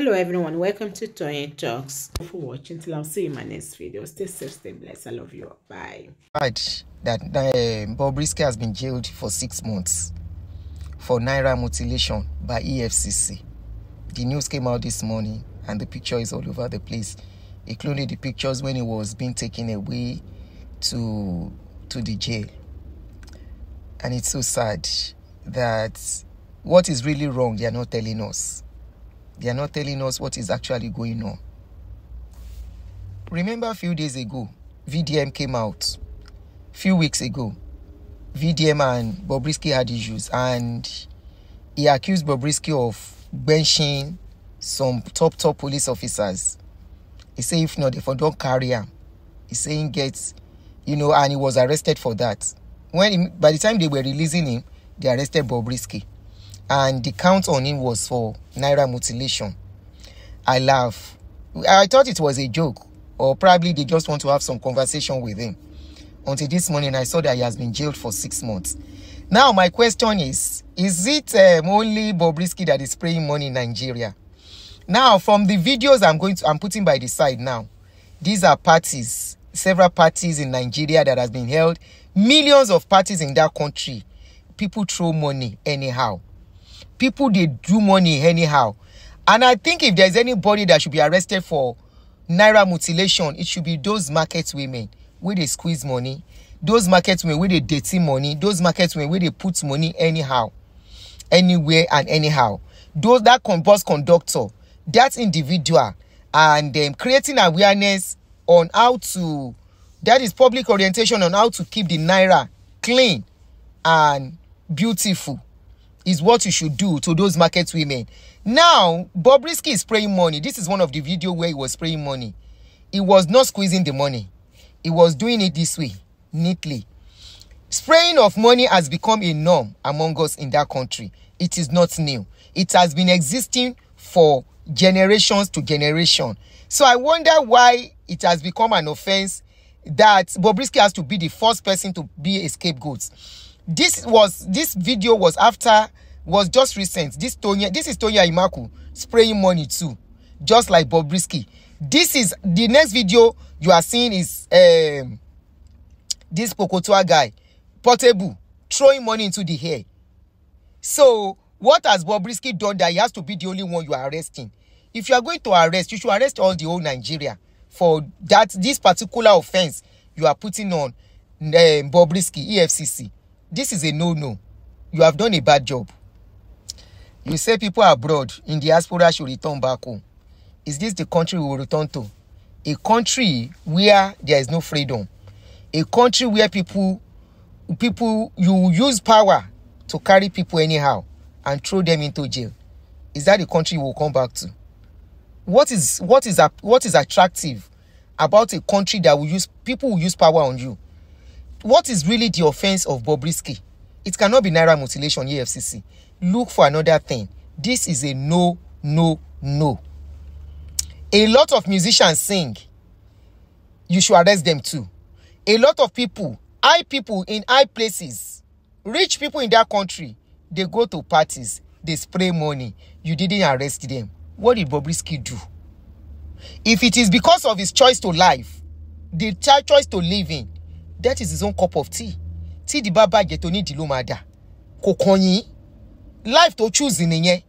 hello everyone welcome to Toyeen Talks Thank you for watching till i'll see you in my next video stay safe stay blessed i love you bye right that, that uh, bob risky has been jailed for six months for naira mutilation by efcc the news came out this morning and the picture is all over the place including the pictures when he was being taken away to to the jail and it's so sad that what is really wrong they are not telling us they are not telling us what is actually going on. Remember a few days ago, VDM came out. A few weeks ago, VDM and Bobrisky had issues and he accused Bobrisky of benching some top, top police officers. He said, if not, if I don't carry him, he's saying gets, you know, and he was arrested for that. When he, by the time they were releasing him, they arrested Bobrisky and the count on him was for naira mutilation. I laugh. I thought it was a joke, or probably they just want to have some conversation with him. Until this morning, I saw that he has been jailed for six months. Now, my question is, is it um, only Bobrisky that is spraying money in Nigeria? Now, from the videos I'm going to, I'm putting by the side now, these are parties, several parties in Nigeria that has been held, millions of parties in that country. People throw money anyhow people they do money anyhow. And I think if there's anybody that should be arrested for naira mutilation, it should be those market women where they squeeze money, those market women where they dirty money, those market women where they put money anyhow, anywhere and anyhow. Those that bus conductor, that individual, and um, creating awareness on how to that is public orientation on how to keep the naira clean and beautiful is what you should do to those market women. Now, Bobrisky is spraying money. This is one of the video where he was spraying money. He was not squeezing the money. He was doing it this way, neatly. Spraying of money has become a norm among us in that country. It is not new. It has been existing for generations to generation. So I wonder why it has become an offense that Bobrisky has to be the first person to be a scapegoat this was this video was after was just recent this Tonya this is Tonya Imaku spraying money too just like Bobrisky this is the next video you are seeing is um, this Pokotua guy Portable throwing money into the air so what has Bobrisky done that he has to be the only one you are arresting if you are going to arrest you should arrest all the whole Nigeria for that this particular offence you are putting on um, Bobrisky EFCC This is a no-no. You have done a bad job. You say people abroad in diaspora should return back home. Is this the country we will return to? A country where there is no freedom. A country where people, people, you use power to carry people anyhow and throw them into jail. Is that the country we will come back to? What is what is what is attractive about a country that will use people will use power on you? what is really the offense of Bobrisky? It cannot be Naira mutilation, EFCC. Look for another thing. This is a no, no, no. A lot of musicians sing. You should arrest them too. A lot of people, high people in high places, rich people in that country, they go to parties, they spray money. You didn't arrest them. What did Bobrisky do? If it is because of his choice to life, the choice to live in, that is his own cup of tea tí ìdí bá bàjẹ́ tó nídìí ló máa dà kò kàn life to choose nìyẹn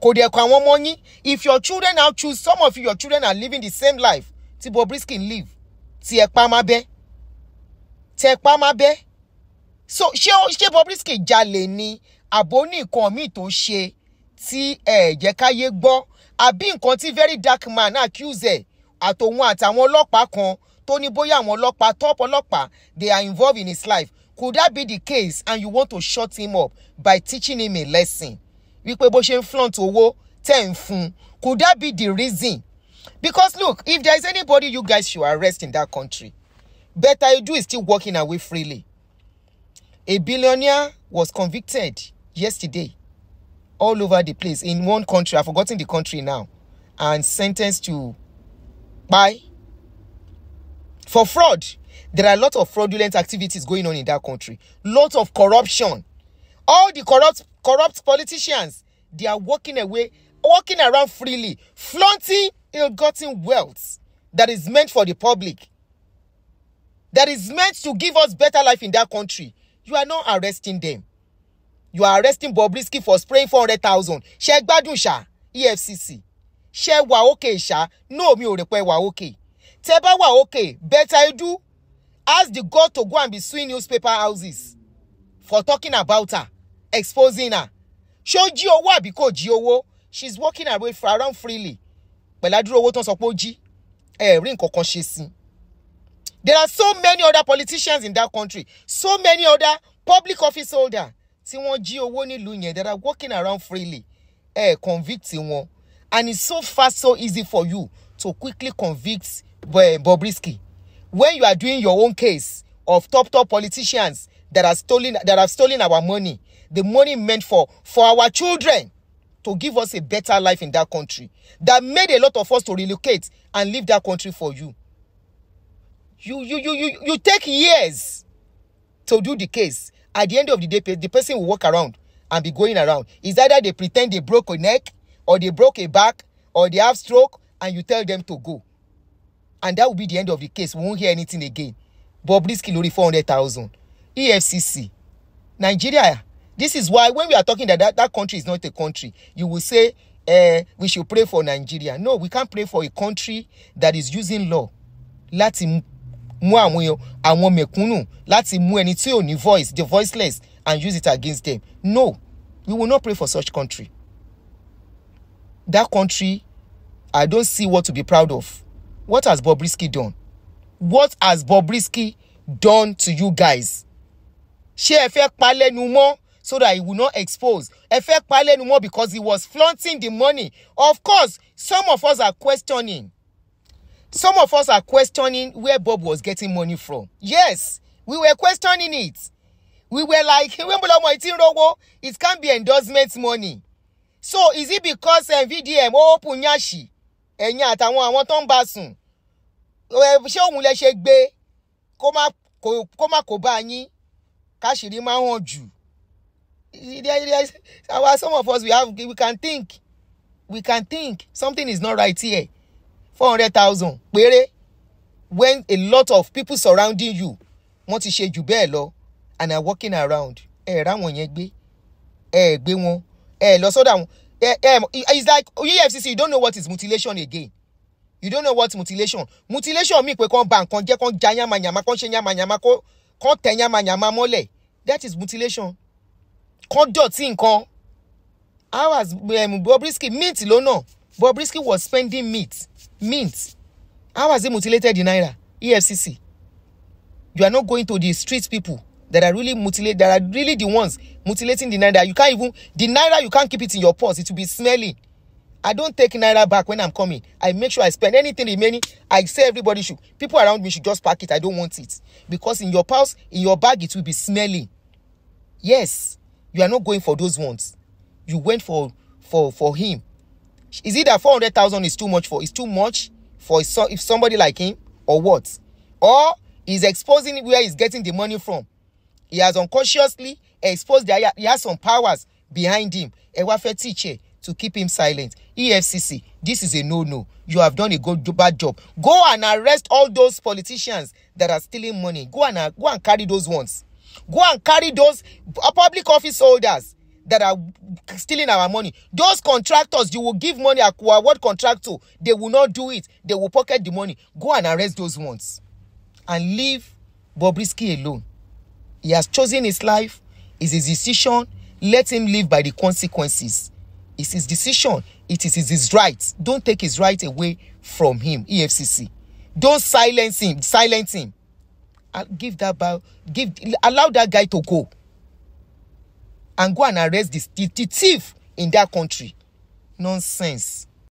kò dẹ̀ kọ àwọn ọmọ yín if your children now choose some of your children are living the same life tí Bobrisky live tí ẹ pa máa bẹ́ tẹ pa máa bẹ́ so ṣé ṣé Bobrisky jalè ni àbó ní nǹkan míì tó ṣe tí ẹ jẹ́ káyé gbọ́ àbí nǹkan tí very dark man accuse ẹ̀ àtòun àtàwọn ọlọ́pàá kan tó bóyá àwọn ọlọ́pàá top ọlọ́pàá they are involved in his life could that be the case and you want to shut him up by teaching him a lesson wípé bó ṣe flaunt owó ten fún could that be the reason because look if there is anybody you guys should arrest in that country better do is still walking away freely a billionaire was convicted yesterday all over the place in one country i've forgotten the country now and sentenced to buy For fraud, there are a lot of fraudulent activities going on in that country. Lots of corruption. All the corrupt, corrupt politicians, they are walking away, walking around freely, flaunting ill-gotten wealth that is meant for the public, that is meant to give us better life in that country. You are not arresting them. You are arresting Bobrisky for spraying 400,000. Ṣé gbádùn ṣá EFCC. Ṣé wà ókè ṣá? No, mi o rò pé wà tẹ́ bá wà okay better you do ask the God to go and be suing newspaper houses for talking about her exposing her ṣé ó jí owó àbí kò jí owó she is walking her way around freely pẹ̀lú àdúrà owó tán sọ pé ó jí ẹ̀rí nǹkan kan ṣe sí i there are so many other politicians in that country so many other public office holder tí wọ́n jí owó nílùú yẹn that are walking around freely ẹ̀ eh, convict wọn and it's so fast so easy for you to quickly convict Bobrisky, when you are doing your own case of top top politicians that are stolen that have stolen our money, the money meant for for our children to give us a better life in that country that made a lot of us to relocate and leave that country for you. You you you you you take years to do the case. At the end of the day, the person will walk around and be going around. It's either they pretend they broke a neck or they broke a back or they have stroke and you tell them to go. and that will be the end of the case we won't hear anything again Bobrisky lórí four hundred thousand EFCC Nigeria this is why when we are talking that that, that country is not a country you will say uh, we should pray for Nigeria no we can't pray for a country that is using law láti mú àwọn àwọn mẹ̀kúnnù láti mú ẹni tí ò ní voice the voiceless and use it against them no we will not pray for such country that country I don't see what to be proud of What has Bobrisky done? What has Bobrisky done to you guys? Ṣé ẹ fẹ́ pa lẹ́nu mọ́ so that he will not expose? Ẹ fẹ́ pa lẹ́nu mọ́ because he was flaunting the money. Of course, some of us are questioning. Some of us are questioning where Bob was getting money from. Yes, we were questioning it. We were like, Wembolomo Itinrowo, it can't be endorsement money. So is it because NVDM eh, or oh, Punyashi ẹ̀yin àtàwọn àwọn tó ń bá sùn ṣé òun lẹ ṣe gbé kó má kó bá yín káṣírí máa hàn jù our some of us we have we can think we can think something is not right here four hundred thousand péré when a lot of people surrounding you wọ́n ti ṣe jù bẹ́ẹ̀ lọ and are walking around ẹ̀ ráwọn yẹn gbé ẹ̀ gbé wọn ẹ̀ lọ sọ́dọ̀ àwọn um, it's like EFCC you don't know what is mutilation again you don't know what mutilation mutilation mi pé kàn bà nǹkan jẹ́ kàn ja yamayama kàn ṣe yamayama kàn tẹ̀ yamayama mole. that is mutilation kàn dọ̀tí nǹkan how has um, Bobrisky mint lọ́nà Bobrisky was spending meat. mint how has he mutilated the naira EFCC you are not going to the street people that are really mutilate that are really the ones mutilating the naira you can't even the naira you can't keep it in your purse it will be smelly i don't take naira back when i'm coming i make sure i spend anything remaining i say everybody should people around me should just pack it i don't want it because in your purse in your bag it will be smelly yes you are not going for those ones you went for for for him is it that 400,000 is too much for is too much for if somebody like him or what or is exposing where he's getting the money from he has unconsciously exposed he has some powers behind him A warfare teacher to keep him silent efcc this is a no no you have done a good bad job go and arrest all those politicians that are stealing money go and uh, go and carry those ones go and carry those public office holders that are stealing our money those contractors you will give money award contractor they will not do it they will pocket the money go and arrest those ones and leave Bobrisky alone He has chosen his life. It's his decision. Let him live by the consequences. It's his decision. It is his right. Don't take his right away from him, EFCC. Don't silence him. Silence him. I'll give that bow. Give allow that guy to go. And go and arrest this the, the thief in that country. Nonsense.